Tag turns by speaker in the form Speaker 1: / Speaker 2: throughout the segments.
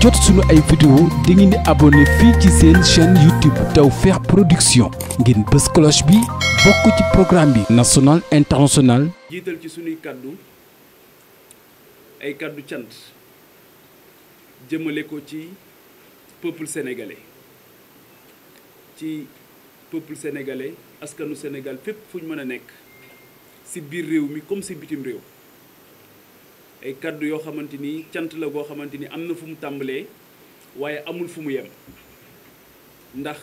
Speaker 1: jot suñu ay vidéo da ngeen di abonné fii ci seen chaîne YouTube Tawfekh Production ngeen bës cloche bi bokk ci programme bi national international jiital ci suñuy kàddu ay kàddu cant jëmale ko ci peuple sénégalais ci peuple sénégalais askanu senegal fépp fu ñu mën a nekk si biir réew mi comme si bitim réew ay kàddu yoo xamante ni cant la boo xamante ni am na fu mu tàmbalee waaye amul fu mu yem ndax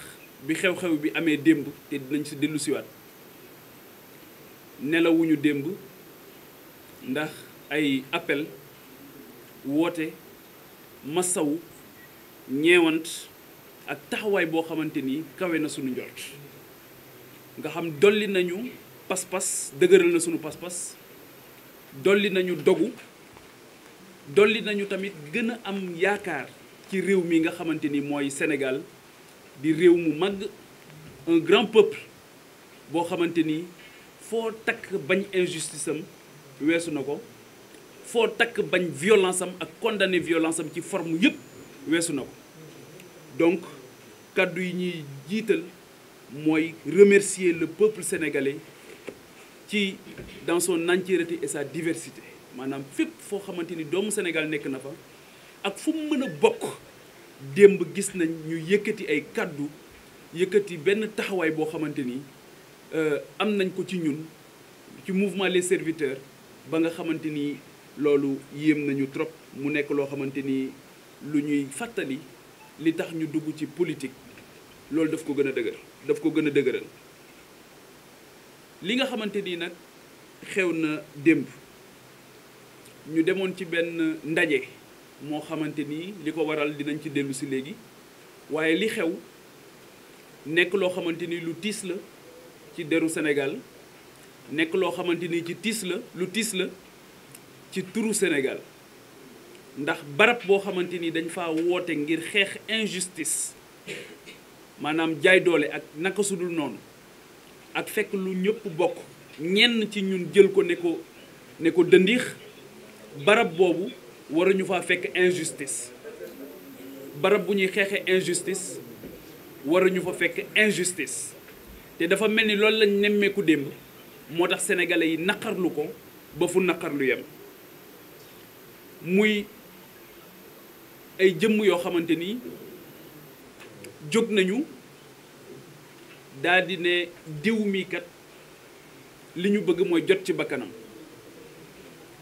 Speaker 1: bi xew-xew bi amee démb te nañ si dellusiwaat nelawuñu démb ndax ay appel woote masawu ñeewant ak taxawaay boo xamante ni kawe na sunu njort nga xam dolli nañu pas-pas dëgëral na sunu pas-pas dolli nañu dogu dolli nañu tamit gën a am yaakaar ci réew mi nga xamante ni mooy Sénégal di réew mu màgg un grand peuple boo xamante ni foo takk bañ injustice weesu na ko foo takk bañ violence ak condamner violence am ci forme yëpp weesu na ko donc kàddu yi ñuy jiital mooy remercier le peuple sénégalais ci dans son entièreté et sa diversité maanaam fépp foo xamante ni doomu Sénégal nekk na fa ak fu mu mën a bokk démb gis nañ ñu yëkkati ay kàddu yëkkati benn taxawaay boo xamante ni euh, am nañ ko ci ñun ci mouvement les serviteurs ba nga xamante ni loolu yéem nañu trop mu nekk loo xamante ni lu ñuy fàttali li tax ñu dugg ci politique loolu daf ko gën a dëgër daf ko gën a dëgëral li nga xamante ni nag xew na démb ñu demoon ci benn ndaje moo xamante ni li ko waral dinañ ci dellu si léegi waaye li xew nekk loo xamante ni lu tiis la ci deru senegal nekk loo xamante ni ci tiis la lu tiis la ci turu Sénégal ndax barab boo xamante ni dañ faa woote ngir xeex injustice maanaam jaay doole ak naka sudul noonu ak fekk lu ñëpp bokk ñenn ci ñun jël ko ne ko ne ko dëndiix barab boobu waruñu faa fekk injustice barab bu ñuy xeexee injustice waruñu fa fekk injustice te dafa mel ni loolu lañ nemmeeku démb moo tax sénégalais yi naqarlu ko ba fu naqarlu yem muy ay jëmm yoo xamante ni jóg nañu daldi ne diw li ñu bëgg mooy jot ci bakkanam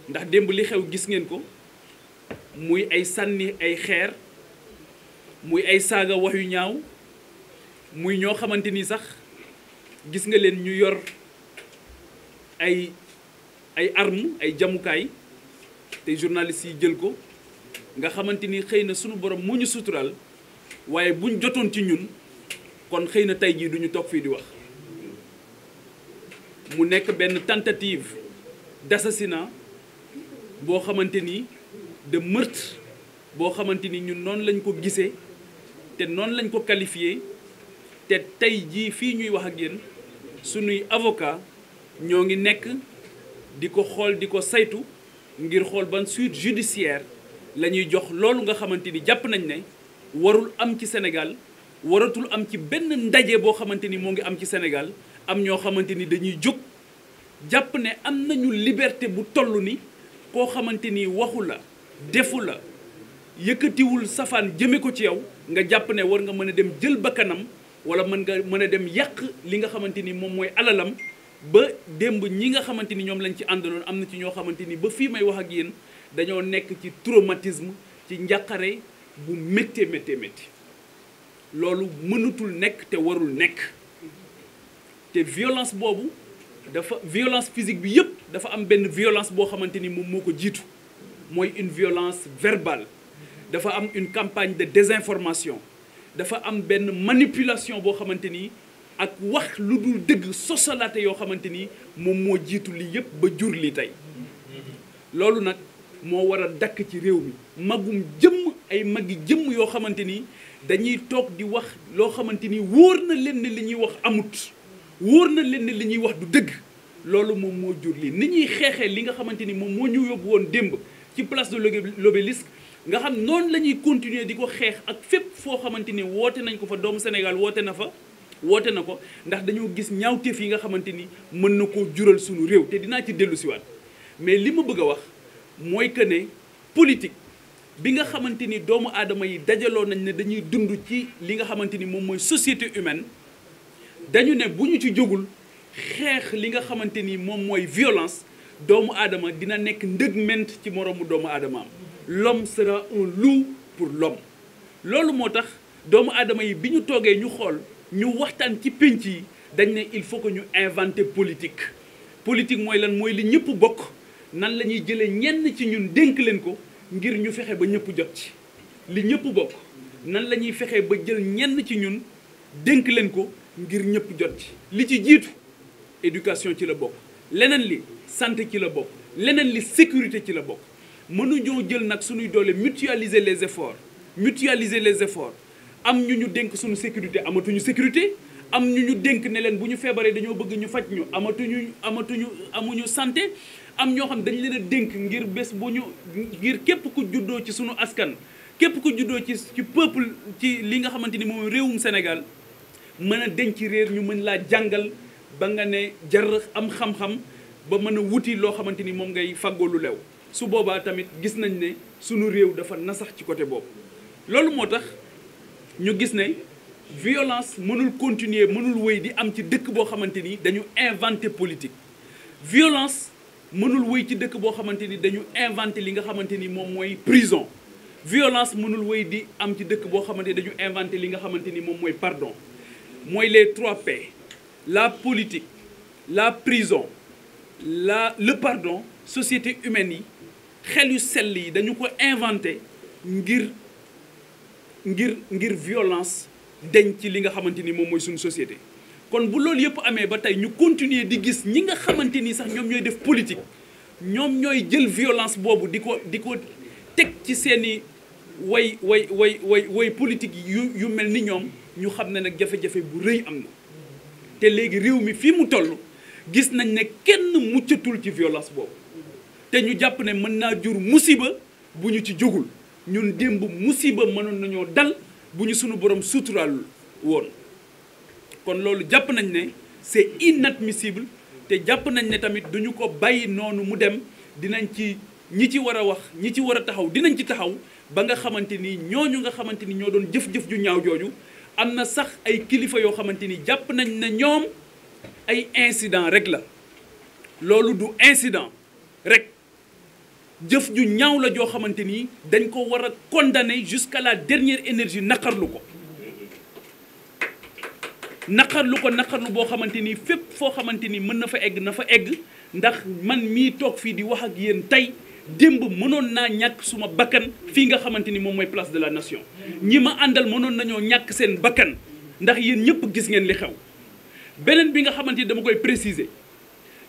Speaker 1: ndax démb li xew gis ngeen ko muy ay sànni ay xeer muy ay saaga wax yu ñaaw muy ñoo xamante ni sax gis nga leen ñu yor ay ay armes ay jamukaay te journalistes yi jël ko nga xamante ni xëy na sunu borom moo ñu suturaal waaye buñ jotoon ci ñun kon xëy na tey jii duñu toog fii di wax mu nekk benn tentative d'assassinat boo xamante ni de mërt boo xamante ni ñun noonu lañ ko gisee te noonu lañ ko qualifié te tey jii fii ñuy wax a yéen sunuy avocat ñoo ngi nekk di ko xool di ko saytu ngir xool ban suite judiciaire la ñuy jox loolu nga xamante ni jàpp nañ ne warul am ci Sénégal waratul am ci benn ndaje boo xamante ni moo ngi am ci Sénégal am ñoo xamante ni dañuy jóg jàpp ne am nañu liberté bu toll ni koo xamante ni waxu la defu la yëkkatiwul safaan jëme ko ci yow nga jàpp ne war nga mën a dem jël bakkanam wala mën nga mën a dem yàq li nga xamante ni moom mooy alalam ba démb ñi nga xamante ni ñoom lañ ci àndaloon am na ci ñoo xamante ni ba fii may wax ak yéen dañoo nekk ci traumatisme ci njàqare bu méttee méttee métti loolu mënatul nekk te warul nekk te violence boobu dafa violence physique bi yëpp dafa am benn violence boo xamante ni moom moo ko jiitu mooy une violence verbale dafa am une campagne de désinformation dafa am benn manipulation boo xamante ni ak wax lu dul dëgg sosalaate yoo xamante ni moom moo jiitu li yëpp ba jur lii tey loolu nag moo waral dakk ci réew mi magum jëmm ay magi jëmm yoo xamante ni dañuy toog di wax loo xamante ni wóor na leen ne li ñuy wax amut wóor na leen ne li ñuy wax du dëgg loolu moom moo jur lii ni ñuy xeexee li nga xamante ni moom moo ñu yóbbu woon démb ci place de l'obélisque nga xam noonu la ñuy continuer di ko xeex ak fépp foo xamante ni woote nañ ko fa doomu Sénégal woote na fa woote na ko ndax dañoo gis ñaaw ñaawteef yi nga xamante ni mën na koo jural suñu réew te dinaa ci dellu siwaat mais li ma bëgg a wax mooy que ne politique bi nga xamante ni doomu aadama yi dajaloo nañ ne dañuy dund ci li nga xamante ni moom mooy société humaine dañu ne bu ñu ci jógul xeex li nga xamante ni moom mooy violence doomu aadama dina nekk ment ci moroomu doomu aadamaam lom sera un loup pour l'homme loolu moo tax doomu aadama yi bi ñu toogee ñu xool ñu waxtaan ci pénc yi dañ ne il faut que ñu inventer politique politique mooy lan mooy li ñëpp bokk nan la ñuy jëlee ñenn ci ñun dénk leen ko ngir ñu fexe ba ñëpp jot ci li ñëpp bokk nan la ñuy fexe ba jël ñenn ci ñun dénk leen ko ngir ñëpp jot ci li ci jiitu éducation ci la bokk leneen li santé ci la bokk leneen li sécurité ci la bokk mënuñoo jël nag suñuy doole mutualiser les efforts mutualiser les efforts am ñu ñu dénk suñu sécurité amatuñu sécurité am ñu ñu dénk ne leen bu ñu feebaree dañoo bëgg ñu faj ñu amatuñu amatuñu amuñu santé am ñoo xam dañ leen a dénk ngir bés bu ñu ngir képp ku juddoo ci suñu askan képp ku juddoo ci ci ci li nga xamante ni moom réewum Sénégal mën a denc réer ñu mën laa jàngal ba nga ne jar am xam-xam ba mën a wuti loo xamante ni moom ngay faggoolu lew su boobaa tamit gis nañ ne sunu réew dafa nasax ci côté boobu loolu moo tax ñu gis ne violence mënul continuer mënul woy di am ci dëkk boo xamante ni dañu inventé politique violence mënul wéy ci dëkk boo xamante ni dañu inventé li nga xamante ni moom mooy prison violence mënul woy di am ci dëkk boo xamante ni dañu inventé li nga xamante ni moom mooy pardon mooy les trois P la politique la prison la le pardon société humaine yi xel yu sell yi dañu ko inventé ngir ngir ngir violence denc ci li nga xamante ni moom mooy suñu société kon bu loolu yëpp amee ba tey ñu continuer di gis ñi nga xamante ni sax ñoom ñooy def politique ñoom ñooy jël violence boobu di ko di ko teg ci seeni way way way way way politique yu yu mel ni ñoom ñu xam ne nag jafe-jafe bu rëy am na te léegi réew mi fii mu toll gis nañ ne kenn muccatul ci violence boobu te ñu jàpp ne mën naa jur musiba bu ñu ci jógul ñun démb musiba mënoon nañoo dal bu ñu sunu borom sutural woon kon loolu jàpp nañ ne c'est missible te jàpp nañ ne tamit duñu ko bàyyi noonu mu dem dinañ ci ñi ci war a wax ñi ci war a taxaw dinañ ci taxaw ba nga xamante ni ñooñu nga xamante ni ñoo doon jëf-jëf ju ñaaw jooju am na sax ay kilifa yoo xamante ni jàpp nañ ne ñoom ay incident rek la loolu du incident rek jëf ju ñaw la joo xamante ni dañ ko war a condamner jusqu'à la dernière énergie naqarlu ko naqarlu ko naqarlu boo xamante ni fépp foo xamante ni mën na fa egg na fa egg ndax man mii toog fii di wax ak yéen tey démb mënoon naa ñàkk suma bakkan fii nga xamante ni moom mooy place de la nation ñi ma àndal mënoon nañoo ñàkk seen bakkan ndax yéen ñëpp gis ngeen li xew beneen bi nga xamante ni dama koy préciser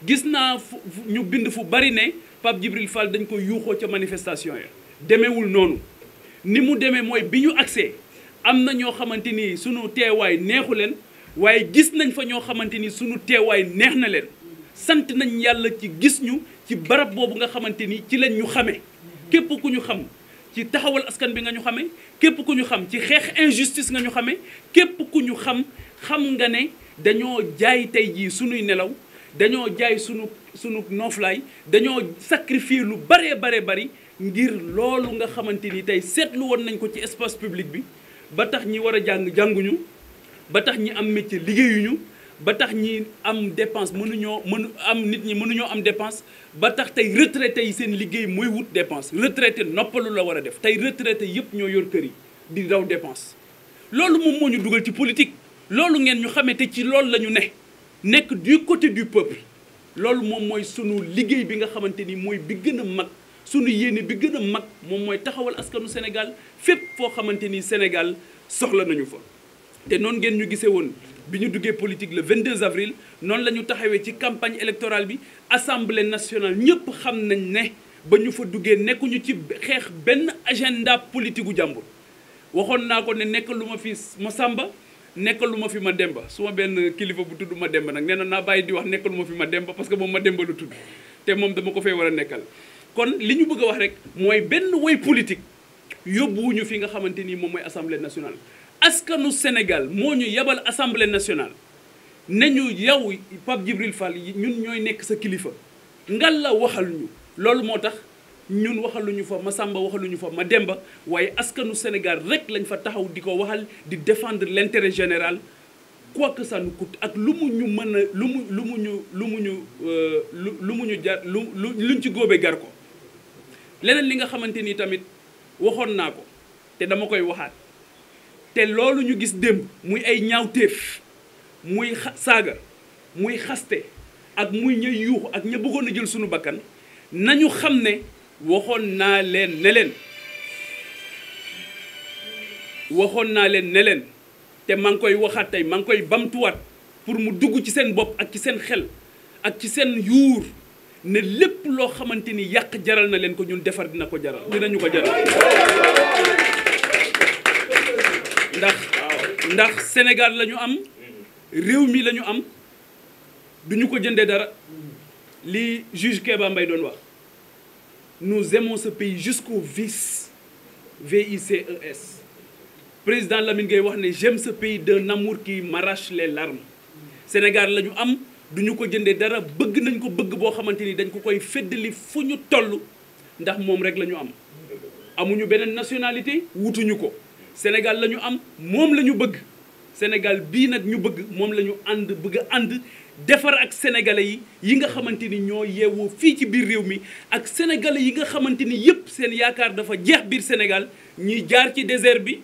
Speaker 1: gis naa fu ñu bind fu bari ne Pape Djibril Fall dañ ko yuuxoo ca manifestation ya demewul noonu ni mu demee mooy bi ñu agsee am na ñoo xamante ni suñu teewaay neexu leen waaye gis nañ fa ñoo xamante ni sunu teewaay neex na leen sant nañ yàlla ci gis ñu ci barab boobu nga xamante ni ci lañ ñu xamee képp ku ñu xam ci taxawal askan bi nga ñu xamee képp ku ñu xam ci xeex injustice nga ñu xamee képp ku ñu xam xam nga ne dañoo jaay tey jii suñuy nelaw dañoo jaay suñu sunu nooflaay dañoo sacrifier lu baree bare bari ngir loolu nga xamante ni tey seetlu woon nañ ko ci espace public bi ba tax ñi war a jàng jànguñu ba tax ñi am métier liggéeyuñu ba tax ñi am dépense mënuñoo mënu am nit ñi mënuñoo am dépense ba tax tey retraité yi seen liggéey mooy wut dépense retraité noppalu la war a def tey retraité yëpp ñoo yor kër yi di daw dépense loolu moom moo ñu dugal ci politique loolu ngeen ñu xamee te ci loolu la ñu ne nekk du côté du peuple loolu moom mooy sunu liggéey bi nga xamante ni mooy bi gën a mag sunu yéene bi gëna mag moom mooy taxawal askanu Sénégal fépp foo xamante ni Sénégal soxla nañu fa te noonu ngeen ñu gisee woon bi ñu duggee politique le 22 avril noonu la ñu taxawee ci campagne électorale bi assemblée nationale ñëpp xam nañ ne ba ñu fa duggee nekkuñu ci xeex benn agenda politique gu jàmbur. waxoon naa ko ne nekk lu ma fi ma sàmba nekk lu ma fi ma demba su ma benn kilifa bu tudd ma demba nag nee na naa bàyyi di wax nekk lu ma fi ma demba parce que moom ma demba lu tudd te moom dama ko fee war a nekkal. kon li ñu bëgg a wax rek mooy benn woy politique yóbbuwuñu fi nga xamante ni moom mooy assemblée nationale. askanu Sénégal moo ñu yebal assemblée nationale ne ñu yow Pape Djibril Fall ñun ñooy nekk sa kilifa ngal la waxal ñu loolu moo tax ñun waxaluñu fa Masamba waxaluñu fa Mademba waaye askanu Sénégal rekk lañ fa taxaw di ko waxal di défendre l'intérêt général quoi que ça nous ak lu mu ñu mën a lu mu lu mu ñu lu mu ñu euh, lu mu ñu jar lu luñ ci góobee gar ko leneen li nga xamante ni tamit waxoon naa ko te dama koy waxaat te loolu ñu gis démb muy ay ñaawteef muy saaga muy xaste ak muy ña yuuxu ak ña bëggoon a jël suñu bakkan nañu xam ne waxoon naa leen ne leen waxoon naa leen ne leen te maa ngi koy waxaat tey maa ngi koy bamtuwaat pour mu dugg ci seen bopp ak ci seen xel ak ci seen yuur ne lépp loo xamante ni yàq jaral na leen ko ñun defar dina ko jaral dinañu ko jaral ndax ndax Sénégal lañu am réew mi lañu am duñu ko jëndee dara li juge Kéba Mbaye doon wax nous aimons ce pays jusqu'au vice V-I-C-E-S président Lamine Gueye wax ne j'aime ce pays d'un amour qui m'arrache les larmes Sénégal lañu am duñu ko jëndee dara bëgg nañ ko bëgg boo xamante ni dañ ko koy feddali fu ñu toll ndax moom rek la ñu am amuñu beneen nationalité wutuñu ko Sénégal la ñu am moom lañu bëgg Sénégal bii nag ñu bëgg moom lañu ñu ànd bëgg a ànd defar ak sénégalais yi yi nga xamante ni ñoo yeewoo fii ci biir réew mi ak sénégalais yi nga xamante ni yëpp seen yaakaar dafa jeex biir Sénégal ñiy jaar ci désert bi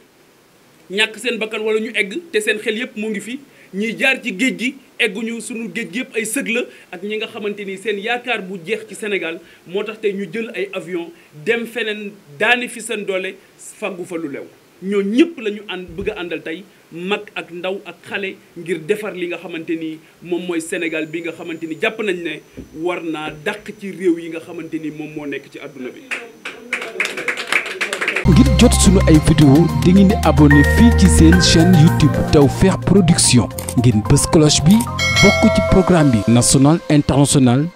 Speaker 1: ñàkk seen bakkan wala ñu egg te seen xel yëpp mu ngi fi ñiy jaar ci géej gi egguñu suñu géej yëpp ay sëg ak ñi nga xamante ni seen yaakaar bu jeex ci senegal moo tax te ñu jël ay avion dem feneen daani fi seen doole faggu fa lu lew ñoo ñëpp lañu ñu bëgg àndal tey mag ak ndaw ak xale ngir defar li nga xamante ni moom mooy Sénégal bi nga xamante ni jàpp nañ ne war naa dàq ci réew yi nga xamante ni moom moo nekk ci àdduna bi. ngir jot sunu ay vidéo di ngeen di abonné fii ci seen chaîne YouTube Tawfekh Production ngeen bës cloche bi bokk ci programme bi national international.